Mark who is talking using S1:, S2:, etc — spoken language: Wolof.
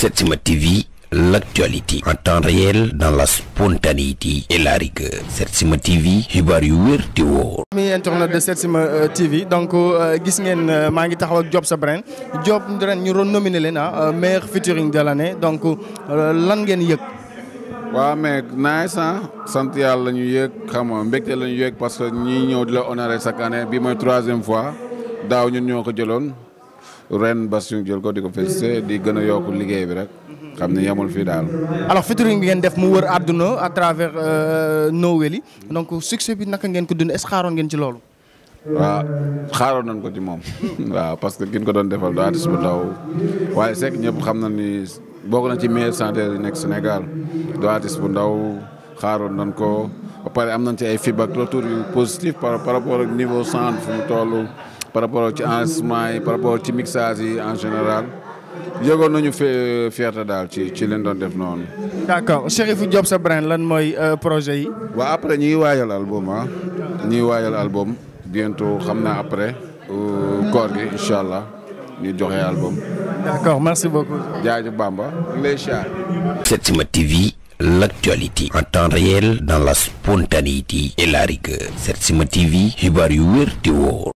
S1: Setsima TV l'actualité en temps réel dans la spontanéité et la rigueur Setsima TV xibaar yu wér te wóor.
S2: mi internet de Setsima euh, TV donc euh, gis ngeen euh, maa ngi taxaw ak Job sa Brain Job ren ñu doon nominé leen ah meilleur featuring de l'année donc lan ngeen yëg. waa mais nice ah. sant
S3: yàlla la ñu yëg xam nga mbégte la ñu yëg parce que ñi ñëw di la honoré chaque année bi mooy troisième fois daaw ñu ñoo ko jëloon. ren Bassirou jël ko di ko félicité di gën a yokk liggéey bi rek. xam ne yemul fii daal.
S2: alors featuring bi ngeen def mu wër àdduna à travers euh, Noweli donc succès bi naka ngeen ko dund est xaaroon ngeen ci loolu. waaw xaaroon nañ ko ci
S3: moom. waaw parce que kin ko doon defal du artiste bu ndaw waaye Seck ñëpp xam na ni bokk na ci meilleur chanteur yi nekk Sénégal du artiste bu ndaw xaaroon nañ ko ba pare am nañ ci ay feedback retour yu positif par par rapport ak niveau par rapport ci enregistrement yi par rapport ci mixage yi en général yëgoon nañu fee euh, fierté daal ci ci leen doon def noonu.
S2: d' accord Chérifou sa Brain lan mooy euh, projet yi.
S3: waaw après ñuy waajal album ah. ñuy waajal album bientôt xam naa après euh, koor gi incha allah ñu joxe album. d' accord merci beaucoup. jaajëf Bamba.
S1: Setsima TV. l'actualité en temps réel dans la spontanéité et la rigueur Setsima TV xibaar yu wér te